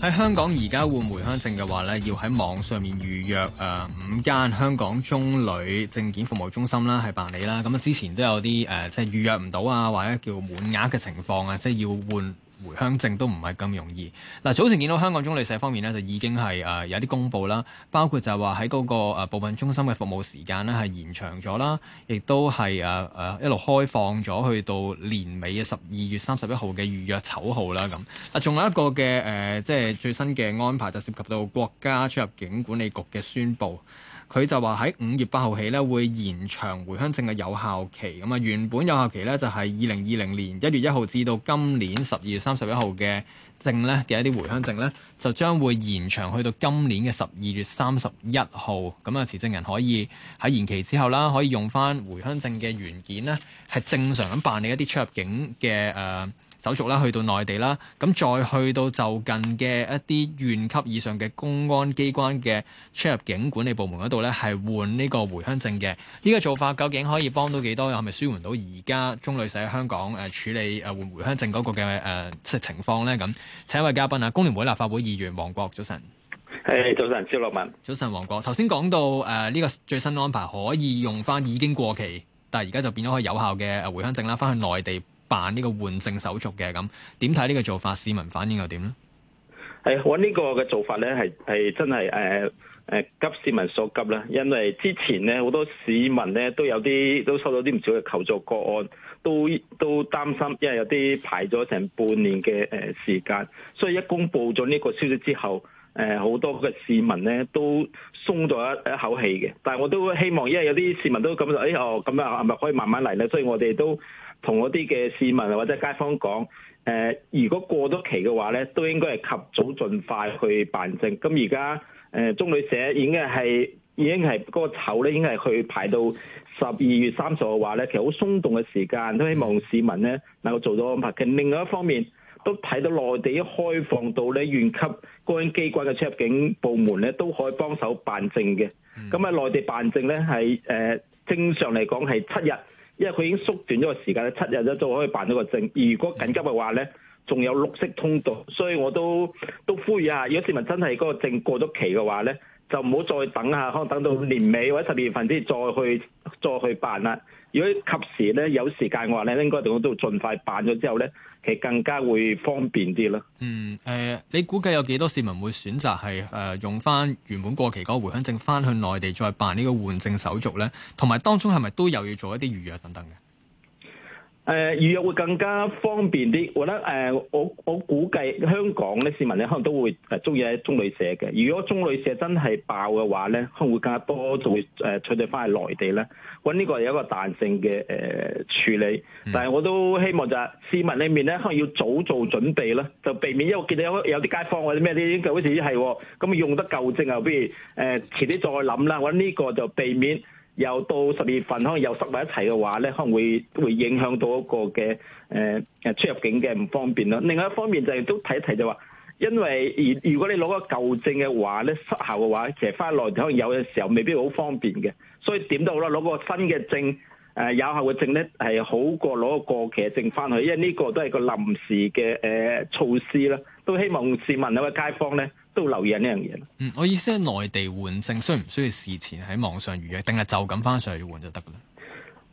喺香港而家換回鄉證嘅話咧，要喺網上面預約誒、呃、五間香港中旅證件服務中心啦，係辦理啦。咁啊，之前都有啲誒即係預約唔到啊，或者叫滿額嘅情況啊，即、就、係、是、要換回鄉證都唔係咁容易。嗱，早前見到香港中旅社方面呢，就已經係誒、呃、有啲公佈啦，包括就係話喺嗰個、呃、部分中心嘅服務時間呢，係延長咗啦，亦都係誒誒一路開放咗去到年尾嘅十二月三十一號嘅預約籌號啦咁。啊，仲、呃、有一個嘅誒、呃，即係最新嘅安排就涉及到國家出入境管理局嘅宣佈。佢就話喺五月八號起咧，會延長回鄉證嘅有效期。咁啊，原本有效期咧就係二零二零年一月一號至到今年十二月三十一號嘅證呢嘅一啲回鄉證呢，就將會延長去到今年嘅十二月三十一號。咁啊，持證人可以喺延期之後啦，可以用翻回鄉證嘅原件呢係正常咁辦理一啲出入境嘅誒，呃手續啦，去到內地啦，咁再去到就近嘅一啲縣級以上嘅公安機關嘅出入境管理部門嗰度呢係換呢個回鄉證嘅。呢、這個做法究竟可以幫到幾多？又係咪舒緩到而家中旅社喺香港誒處理誒換回鄉證嗰個嘅誒情況呢？咁請一位嘉賓啊，工聯會立法會議員黃國早晨。誒，早晨，肖樂文。早晨，早早晨黃國。頭先講到誒呢個最新安排可以用翻已經過期，但係而家就變咗可以有效嘅回鄉證啦，翻去內地。辦呢個換證手續嘅咁，點睇呢個做法？市民反應又點呢？係我呢個嘅做法咧，係係真係誒誒急市民所急啦。因為之前咧，好多市民咧都有啲都收到啲唔少嘅求助個案，都都擔心，因為有啲排咗成半年嘅誒時間，所以一公布咗呢個消息之後。誒好、呃、多嘅市民咧都鬆咗一一口氣嘅，但係我都希望，因為有啲市民都感受，哎哦，咁啊，係咪可以慢慢嚟咧？所以我哋都同嗰啲嘅市民或者街坊講，誒、呃，如果過咗期嘅話咧，都應該係及早盡快去辦證。咁而家誒中旅社已經係已經係嗰個籌咧，已經係去排到十二月三十號嘅話咧，其實好鬆動嘅時間，都希望市民咧能夠做到安排。其另外一方面。都睇到內地一開放到咧，縣級公安機關嘅出入境部門咧，都可以幫手辦證嘅。咁啊，內地辦證咧係誒正常嚟講係七日，因為佢已經縮短咗個時間咧，七日咧就可以辦到個證。如果緊急嘅話咧，仲有綠色通道，所以我都都呼籲下，如果市民真係嗰個證過咗期嘅話咧，就唔好再等啊！可能等到年尾或者十二月份先再去再去辦啦。如果及時咧，有時間嘅話咧，應該都都盡快辦咗之後咧，其實更加會方便啲咯。嗯，誒、呃，你估計有幾多市民會選擇係誒用翻原本過期嗰個回鄉證翻去內地再辦呢個換證手續咧？同埋當中係咪都有要做一啲預約等等嘅？誒預約會更加方便啲、呃，我覺得誒，我我估計香港咧市民咧可能都會誒中意喺中旅社嘅。如果中旅社真係爆嘅話咧，可能會更加多就會誒、呃、取對翻去內地咧。我呢個係有一個彈性嘅誒、呃、處理，但係我都希望就係市民裏面咧，可能要早做準備咯，就避免。因為我見到有有啲街坊或者咩啲，好似係咁用得夠精啊，不如誒遲啲再諗啦。我諗呢個就避免。又到十月份，可能又塞埋一齊嘅話咧，可能會會影響到一個嘅誒誒出入境嘅唔方便咯。另外一方面就係、是、都睇一提，就話，因為如如果你攞個舊證嘅話咧失效嘅話，其實翻來可能有嘅時候未必好方便嘅。所以點都好啦，攞個新嘅證誒、呃、有效嘅證咧係好過攞個過期嘅證翻去，因為呢個都係個臨時嘅誒、呃、措施啦。都希望市民啊街坊咧，都留意呢樣嘢。嗯，我意思係內地換證需唔需要事前喺網上預約，定係就咁翻上去換就得嘅咧？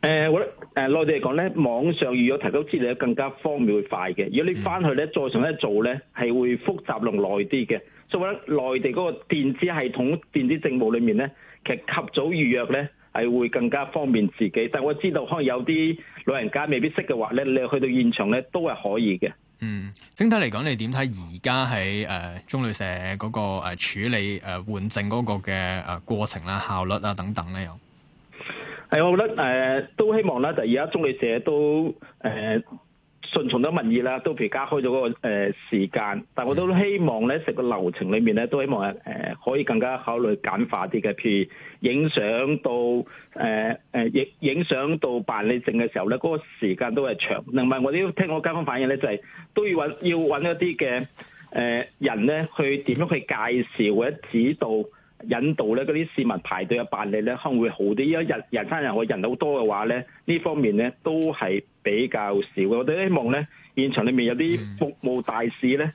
誒、呃，我覺得誒內地嚟講咧，網上預約提高資料更加方便會快嘅。如果你翻去咧再上一做咧，係會複雜同耐啲嘅。所以我覺得內地嗰個電子系統、電子政務裏面咧，其實及早預約咧係會更加方便自己。但我知道可能有啲老人家未必識嘅話咧，你去到現場咧都係可以嘅。嗯，整體嚟講，你點睇而家喺誒中旅社嗰、那個誒、呃、處理誒換證嗰個嘅誒、呃、過程啦、效率啊等等咧？有係我覺得誒、呃、都希望咧，就而家中旅社都誒。呃順從咗民意啦，都譬如加開咗嗰、那個誒、呃、時間，但我都希望咧，成個流程裡面咧，都希望誒、呃、可以更加考慮簡化啲嘅。譬如影相到誒誒、呃、影影相到辦理證嘅時候咧，嗰、那個時間都係長。另外，我哋都聽我街坊反應咧，就係、是、都要要揾一啲嘅誒人咧，去點樣去介紹或者指導引導咧，嗰啲市民排隊去辦理咧，可能會好啲。因為人人山人海，人好多嘅話咧，呢方面咧都係。比較少嘅，我哋希望咧，現場裏面有啲服務大使咧，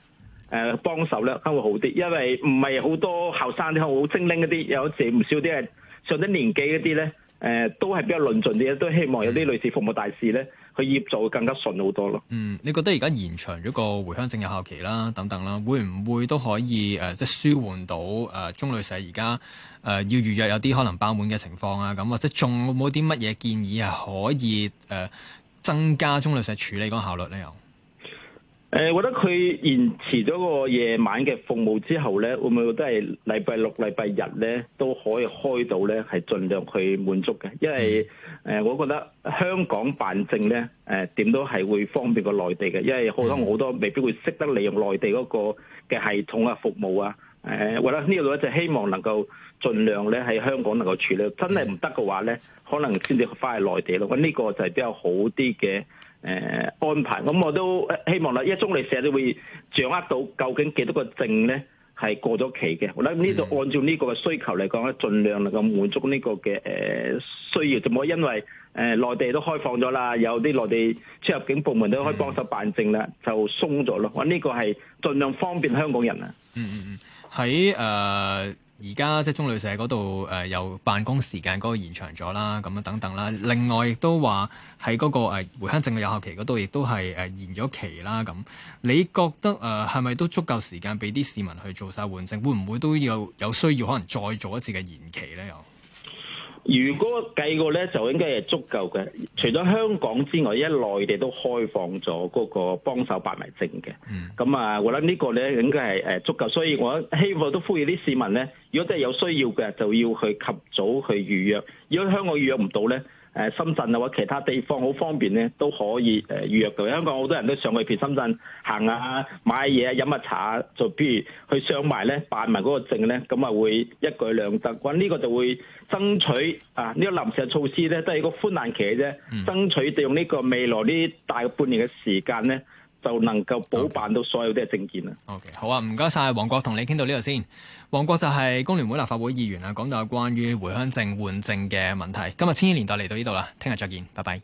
誒幫手咧，都、呃、會好啲。因為唔係好多後生啲好精靈嗰啲，有陣唔少啲係上啲年紀嗰啲咧，誒、呃、都係比較論盡啲，都希望有啲類似服務大使咧，去協助會更加順好多咯。嗯，你覺得而家延長咗個回鄉證有效期啦，等等啦，會唔會都可以誒、呃，即係舒緩到誒，鍾女士而家誒要預約有啲可能爆滿嘅情況啊？咁或者仲有冇啲乜嘢建議啊？可以誒？呃呃呃增加中旅社處理嗰效率咧，又，誒，我覺得佢延遲咗個夜晚嘅服務之後咧，會唔會都係禮拜六、禮拜日咧都可以開到咧，係盡量去滿足嘅。因為誒、嗯呃，我覺得香港辦證咧，誒點都係會方便過內地嘅，因為好多好多未必會識得利用內地嗰個嘅系統啊、服務啊。誒，或者呢個咧就希望能夠盡量咧喺香港能夠處理，真係唔得嘅話咧，可能先至返去內地咯。咁、這、呢個就係比較好啲嘅誒安排。咁我都希望啦，因為中旅成日都會掌握到究竟幾多個證咧。係過咗期嘅，我諗呢度按照呢個需求嚟講咧，盡量能夠滿足呢個嘅誒、呃、需要，就唔好因為誒、呃、內地都開放咗啦，有啲內地出入境部門都可以幫手辦證啦，嗯、就鬆咗咯。我呢個係盡量方便香港人啊、嗯。嗯嗯嗯，喺誒。呃而家即係中旅社嗰度，誒、呃、有辦公時間嗰個延長咗啦，咁等等啦。另外亦都話喺嗰個、呃、回鄉證嘅有效期嗰度亦都係誒、呃、延咗期啦。咁你覺得誒係咪都足夠時間俾啲市民去做晒換證？會唔會都有有需要可能再做一次嘅延期咧？又？如果計過咧，就應該係足夠嘅。除咗香港之外，一內地都開放咗嗰個幫手辦埋證嘅。咁啊、嗯，我諗呢個咧應該係誒足夠，所以我希望都呼籲啲市民咧，如果真係有需要嘅，就要去及早去預約。如果香港預約唔到咧，誒深圳啊，或者其他地方好方便咧，都可以誒、呃、預約到。香港好多人都上去片深圳行下、啊、買嘢、啊、飲下茶、啊，就譬如去上埋咧、辦埋嗰個證咧，咁啊會一舉兩得。咁呢個就會爭取啊，呢、呢個臨時措施咧都係一個寬限期啫，嗯、爭取利用呢個未來呢大半年嘅時間咧。就能夠補辦到所有啲嘅證件啦。OK，好啊，唔該晒。黃國，同你傾到呢度先。黃國就係工聯會立法會議員啊，講到有關於回鄉證換證嘅問題。今日千禧年代嚟到呢度啦，聽日再見，拜拜。